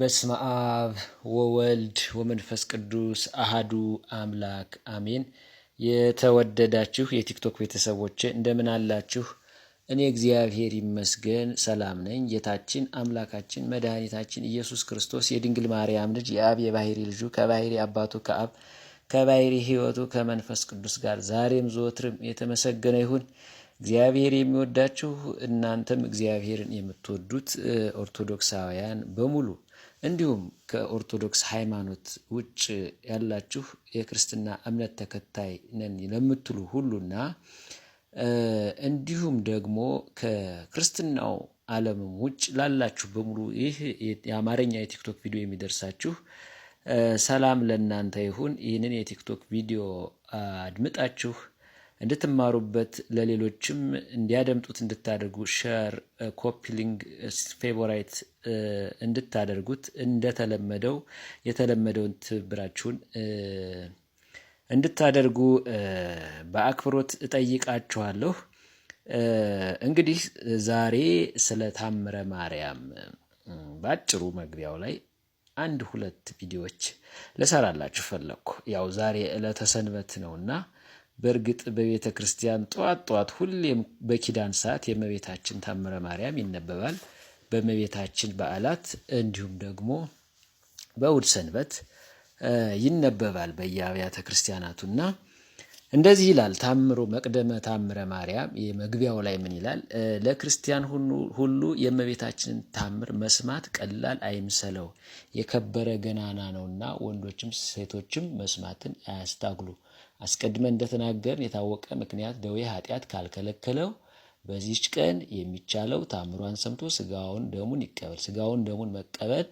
በስመ አብ ወወልድ ወመንፈስ ቅዱስ አሃዱ አምላክ አሜን። የተወደዳችሁ የቲክቶክ ቤተሰቦች እንደምን አላችሁ? እኔ እግዚአብሔር ይመስገን ሰላም ነኝ። ጌታችን አምላካችን መድኃኒታችን ኢየሱስ ክርስቶስ የድንግል ማርያም ልጅ የአብ የባህሪ ልጁ ከባህሪ አባቱ ከአብ ከባህሪ ሕይወቱ ከመንፈስ ቅዱስ ጋር ዛሬም ዘወትርም የተመሰገነ ይሁን። እግዚአብሔር የሚወዳችሁ እናንተም እግዚአብሔርን የምትወዱት ኦርቶዶክሳውያን በሙሉ እንዲሁም ከኦርቶዶክስ ሃይማኖት ውጭ ያላችሁ የክርስትና እምነት ተከታይ ነን ለምትሉ ሁሉና እንዲሁም ደግሞ ከክርስትናው ዓለምም ውጭ ላላችሁ በሙሉ ይህ የአማርኛ የቲክቶክ ቪዲዮ የሚደርሳችሁ ሰላም ለእናንተ ይሁን። ይህንን የቲክቶክ ቪዲዮ አድምጣችሁ እንድትማሩበት ለሌሎችም እንዲያደምጡት እንድታደርጉ ሸር፣ ኮፒሊንግ፣ ፌቮራይት እንድታደርጉት እንደተለመደው የተለመደውን ትብብራችሁን እንድታደርጉ በአክብሮት እጠይቃችኋለሁ። እንግዲህ ዛሬ ስለ ታምረ ማርያም በአጭሩ መግቢያው ላይ አንድ ሁለት ቪዲዮዎች ልሰራላችሁ ፈለግኩ። ያው ዛሬ ዕለተ ሰንበት ነውና በእርግጥ በቤተ ክርስቲያን ጠዋት ጠዋት ሁሌም በኪዳን ሰዓት የእመቤታችን ታምረ ማርያም ይነበባል። በእመቤታችን በዓላት እንዲሁም ደግሞ በእሁድ ሰንበት ይነበባል በየአብያተ ክርስቲያናቱና እንደዚህ ይላል። ታምሮ መቅደመ ታምረ ማርያም የመግቢያው ላይ ምን ይላል? ለክርስቲያን ሁሉ የእመቤታችንን ታምር መስማት ቀላል አይምሰለው፣ የከበረ ገናና ነውና ወንዶችም ሴቶችም መስማትን አያስታግሉ። አስቀድመን እንደተናገርን የታወቀ ምክንያት ደዌ ኃጢአት ካልከለከለው በዚች ቀን የሚቻለው ታምሯን ሰምቶ ስጋውን ደሙን ይቀበል። ስጋውን ደሙን መቀበል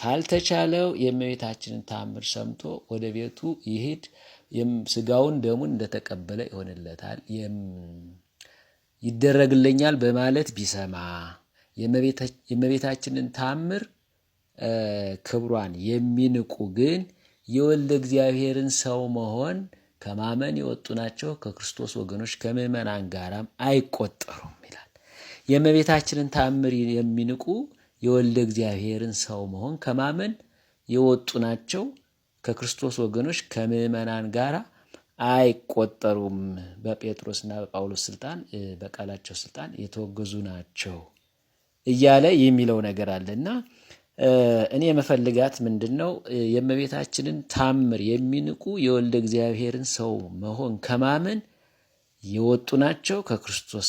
ካልተቻለው የእመቤታችንን ታምር ሰምቶ ወደ ቤቱ ይሄድ ስጋውን ደሙን እንደተቀበለ ይሆንለታል። ይደረግልኛል በማለት ቢሰማ የእመቤታችንን ታምር ክብሯን የሚንቁ ግን የወልደ እግዚአብሔርን ሰው መሆን ከማመን የወጡ ናቸው፣ ከክርስቶስ ወገኖች ከምዕመናን ጋራም አይቆጠሩም ይላል። የእመቤታችንን ታምር የሚንቁ የወልደ እግዚአብሔርን ሰው መሆን ከማመን የወጡ ናቸው፣ ከክርስቶስ ወገኖች ከምዕመናን ጋር አይቆጠሩም። በጴጥሮስና በጳውሎስ ስልጣን፣ በቃላቸው ስልጣን የተወገዙ ናቸው እያለ የሚለው ነገር አለና እኔ የምፈልጋት ምንድን ነው? የእመቤታችንን ታምር የሚንቁ የወልደ እግዚአብሔርን ሰው መሆን ከማመን የወጡ ናቸው፣ ከክርስቶስ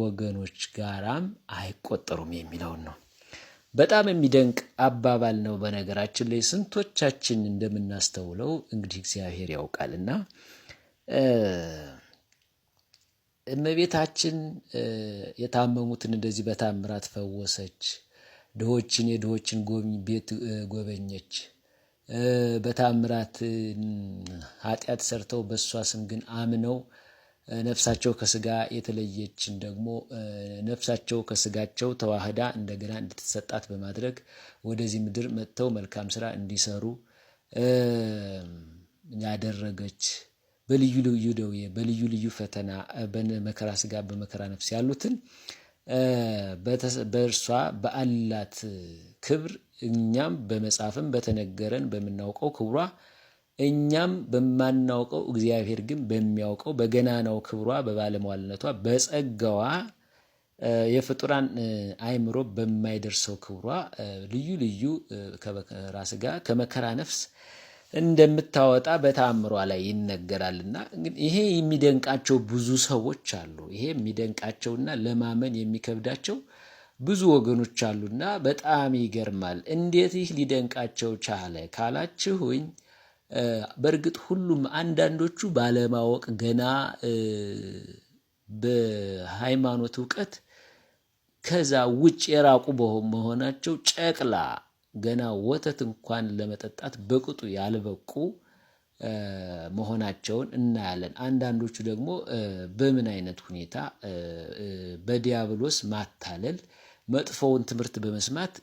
ወገኖች ጋራም አይቆጠሩም የሚለውን ነው። በጣም የሚደንቅ አባባል ነው። በነገራችን ላይ ስንቶቻችን እንደምናስተውለው እንግዲህ እግዚአብሔር ያውቃል እና እመቤታችን የታመሙትን እንደዚህ በታምራት ፈወሰች። ድሆችን የድሆችን ቤት ጎበኘች። በታምራት ኃጢአት ሰርተው በእሷ ስም ግን አምነው ነፍሳቸው ከስጋ የተለየችን ደግሞ ነፍሳቸው ከስጋቸው ተዋህዳ እንደገና እንድትሰጣት በማድረግ ወደዚህ ምድር መጥተው መልካም ስራ እንዲሰሩ ያደረገች በልዩ ልዩ ደዌ በልዩ ልዩ ፈተና በመከራ ስጋ በመከራ ነፍስ ያሉትን በእርሷ በአላት ክብር እኛም በመጽሐፍም በተነገረን በምናውቀው ክብሯ እኛም በማናውቀው እግዚአብሔር ግን በሚያውቀው በገናናው ክብሯ በባለሟልነቷ በጸጋዋ የፍጡራን አእምሮ በማይደርሰው ክብሯ ልዩ ልዩ ራስ ጋር ከመከራ ነፍስ እንደምታወጣ በተአምሯ ላይ ይነገራልና ይሄ የሚደንቃቸው ብዙ ሰዎች አሉ። ይሄ የሚደንቃቸውና ለማመን የሚከብዳቸው ብዙ ወገኖች አሉና በጣም ይገርማል። እንዴት ይህ ሊደንቃቸው ቻለ ካላችሁኝ፣ በእርግጥ ሁሉም አንዳንዶቹ ባለማወቅ ገና በሃይማኖት እውቀት ከዛ ውጭ የራቁ መሆናቸው ጨቅላ ገና ወተት እንኳን ለመጠጣት በቅጡ ያልበቁ መሆናቸውን እናያለን። አንዳንዶቹ ደግሞ በምን አይነት ሁኔታ በዲያብሎስ ማታለል መጥፎውን ትምህርት በመስማት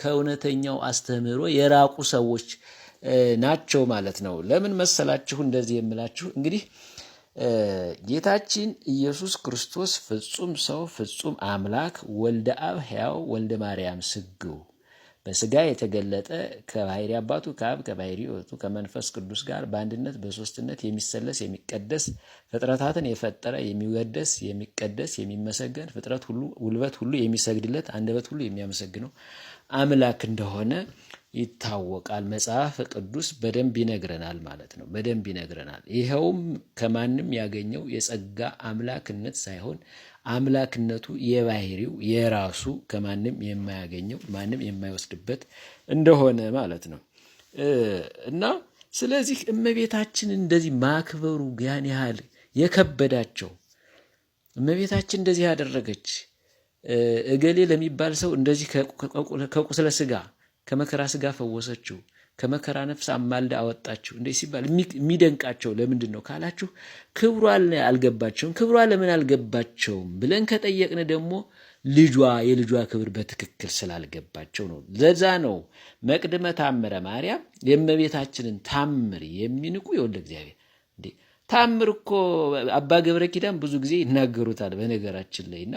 ከእውነተኛው አስተምህሮ የራቁ ሰዎች ናቸው ማለት ነው። ለምን መሰላችሁ እንደዚህ የምላችሁ? እንግዲህ ጌታችን ኢየሱስ ክርስቶስ ፍጹም ሰው ፍጹም አምላክ ወልደ አብ ሕያው ወልደ ማርያም ስግው በስጋ የተገለጠ ከባህሪ አባቱ ከአብ ከባህሪ ወቱ ከመንፈስ ቅዱስ ጋር በአንድነት በሶስትነት የሚሰለስ የሚቀደስ ፍጥረታትን የፈጠረ የሚወደስ የሚቀደስ የሚመሰገን ፍጥረት ሁሉ ውልበት ሁሉ የሚሰግድለት አንደበት ሁሉ የሚያመሰግነው አምላክ እንደሆነ ይታወቃል። መጽሐፍ ቅዱስ በደንብ ይነግረናል ማለት ነው። በደንብ ይነግረናል። ይኸውም ከማንም ያገኘው የጸጋ አምላክነት ሳይሆን አምላክነቱ የባህሪው የራሱ ከማንም የማያገኘው ማንም የማይወስድበት እንደሆነ ማለት ነው እና ስለዚህ እመቤታችን እንደዚህ ማክበሩ ያን ያህል የከበዳቸው እመቤታችን እንደዚህ ያደረገች እገሌ ለሚባል ሰው እንደዚህ ከቁስለ ስጋ ከመከራ ስጋ ፈወሰችው ከመከራ ነፍስ አማልዳ አወጣችሁ እንደ ሲባል የሚደንቃቸው ለምንድን ነው ካላችሁ፣ ክብሯ አልገባቸውም። ክብሯ ለምን አልገባቸውም ብለን ከጠየቅን ደግሞ ልጇ የልጇ ክብር በትክክል ስላልገባቸው ነው። ለዛ ነው መቅድመ ታምረ ማርያም የእመቤታችንን ታምር የሚንቁ የወልደ እግዚአብሔር እንዴ ታምር እኮ አባ ገብረ ኪዳን ብዙ ጊዜ ይናገሩታል በነገራችን ላይ እና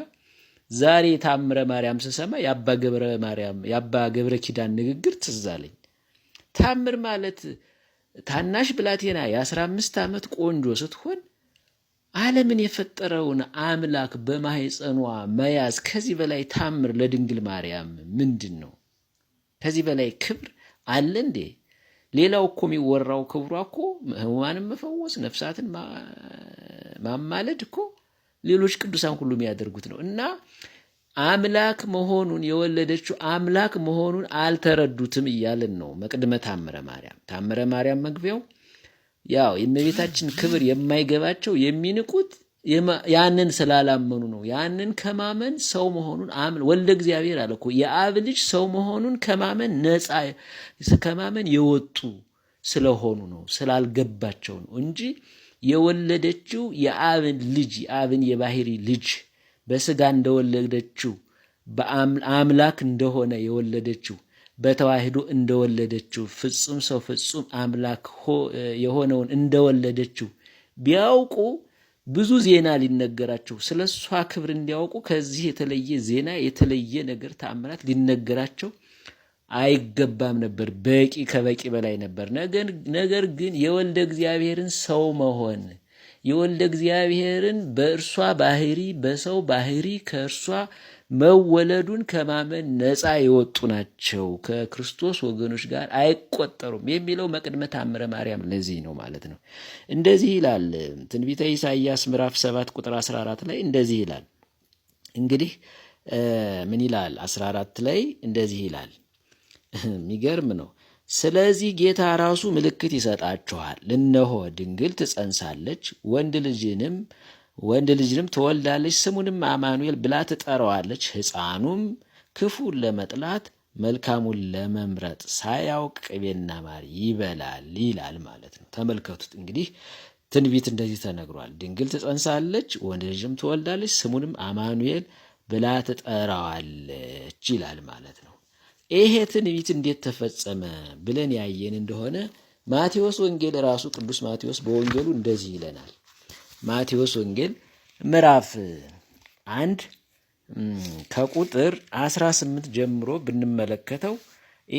ዛሬ ታምረ ማርያም ስሰማ የአባ ገብረ ማርያም የአባ ገብረ ኪዳን ንግግር ትዝ አለኝ። ታምር ማለት ታናሽ ብላቴና የ15 ዓመት ቆንጆ ስትሆን ዓለምን የፈጠረውን አምላክ በማህፀኗ መያዝ ከዚህ በላይ ታምር ለድንግል ማርያም ምንድን ነው? ከዚህ በላይ ክብር አለ እንዴ? ሌላው እኮ የሚወራው ክብሯ እኮ ሕሙማንን መፈወስ፣ ነፍሳትን ማማለድ እኮ ሌሎች ቅዱሳን ሁሉ የሚያደርጉት ነው እና አምላክ መሆኑን የወለደችው አምላክ መሆኑን አልተረዱትም እያልን ነው። መቅድመ ታምረ ማርያም ታምረ ማርያም መግቢያው ያው የእመቤታችን ክብር የማይገባቸው የሚንቁት ያንን ስላላመኑ ነው። ያንን ከማመን ሰው መሆኑን ወልደ እግዚአብሔር አለ እኮ የአብ ልጅ ሰው መሆኑን ከማመን ነፃ ከማመን የወጡ ስለሆኑ ነው ስላልገባቸው ነው እንጂ የወለደችው የአብን ልጅ የአብን የባህሪ ልጅ በሥጋ እንደወለደችው አምላክ እንደሆነ የወለደችው በተዋህዶ እንደወለደችው ፍጹም ሰው ፍጹም አምላክ የሆነውን እንደወለደችው ቢያውቁ ብዙ ዜና ሊነገራቸው ስለ እሷ ክብር እንዲያውቁ ከዚህ የተለየ ዜና የተለየ ነገር ተአምራት ሊነገራቸው አይገባም ነበር። በቂ ከበቂ በላይ ነበር። ነገር ግን የወልደ እግዚአብሔርን ሰው መሆን የወልደ እግዚአብሔርን በእርሷ ባህሪ በሰው ባህሪ ከእርሷ መወለዱን ከማመን ነፃ የወጡ ናቸው፣ ከክርስቶስ ወገኖች ጋር አይቆጠሩም የሚለው መቅድመ ታምረ ማርያም ለዚህ ነው ማለት ነው። እንደዚህ ይላል ትንቢተ ኢሳይያስ ምዕራፍ 7 ቁጥር 14 ላይ እንደዚህ ይላል። እንግዲህ ምን ይላል? 14 ላይ እንደዚህ ይላል። የሚገርም ነው። ስለዚህ ጌታ ራሱ ምልክት ይሰጣችኋል። እነሆ ድንግል ትጸንሳለች፣ ወንድ ልጅንም ወንድ ልጅንም ትወልዳለች፣ ስሙንም አማኑኤል ብላ ትጠራዋለች። ሕፃኑም ክፉን ለመጥላት መልካሙን ለመምረጥ ሳያውቅ ቅቤና ማር ይበላል ይላል ማለት ነው። ተመልከቱት እንግዲህ ትንቢት እንደዚህ ተነግሯል። ድንግል ትጸንሳለች፣ ወንድ ልጅም ትወልዳለች፣ ስሙንም አማኑኤል ብላ ትጠራዋለች ይላል ማለት ነው። ይሄ ትንቢት እንዴት ተፈጸመ ብለን ያየን እንደሆነ ማቴዎስ ወንጌል ራሱ ቅዱስ ማቴዎስ በወንጌሉ እንደዚህ ይለናል። ማቴዎስ ወንጌል ምዕራፍ አንድ ከቁጥር 18 ጀምሮ ብንመለከተው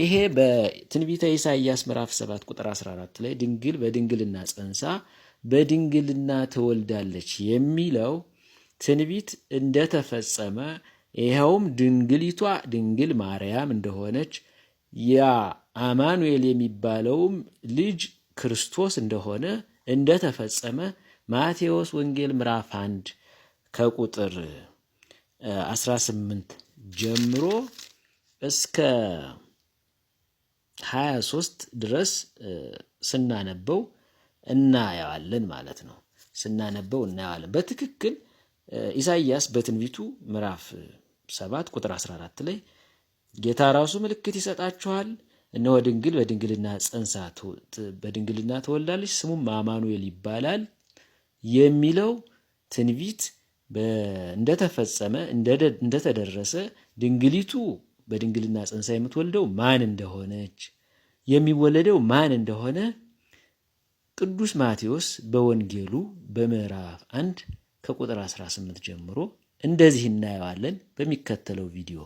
ይሄ በትንቢተ ኢሳይያስ ምዕራፍ 7 ቁጥር 14 ላይ ድንግል በድንግልና ጸንሳ በድንግልና ትወልዳለች የሚለው ትንቢት እንደተፈጸመ ይኸውም ድንግሊቷ ድንግል ማርያም እንደሆነች ያ አማኑኤል የሚባለውም ልጅ ክርስቶስ እንደሆነ እንደተፈጸመ ማቴዎስ ወንጌል ምዕራፍ አንድ ከቁጥር 18 ጀምሮ እስከ 23 ድረስ ስናነበው እናየዋለን ማለት ነው። ስናነበው እናየዋለን። በትክክል ኢሳይያስ በትንቢቱ ምዕራፍ ሰባት ቁጥር 14 ላይ ጌታ ራሱ ምልክት ይሰጣችኋል፣ እነሆ ድንግል በድንግልና ጸንሳ በድንግልና ትወልዳለች፣ ስሙም አማኑኤል ይባላል የሚለው ትንቢት እንደተፈጸመ እንደተደረሰ ድንግሊቱ በድንግልና ጸንሳ የምትወልደው ማን እንደሆነች የሚወለደው ማን እንደሆነ ቅዱስ ማቴዎስ በወንጌሉ በምዕራፍ አንድ ከቁጥር 18 ጀምሮ እንደዚህ እናየዋለን በሚከተለው ቪዲዮ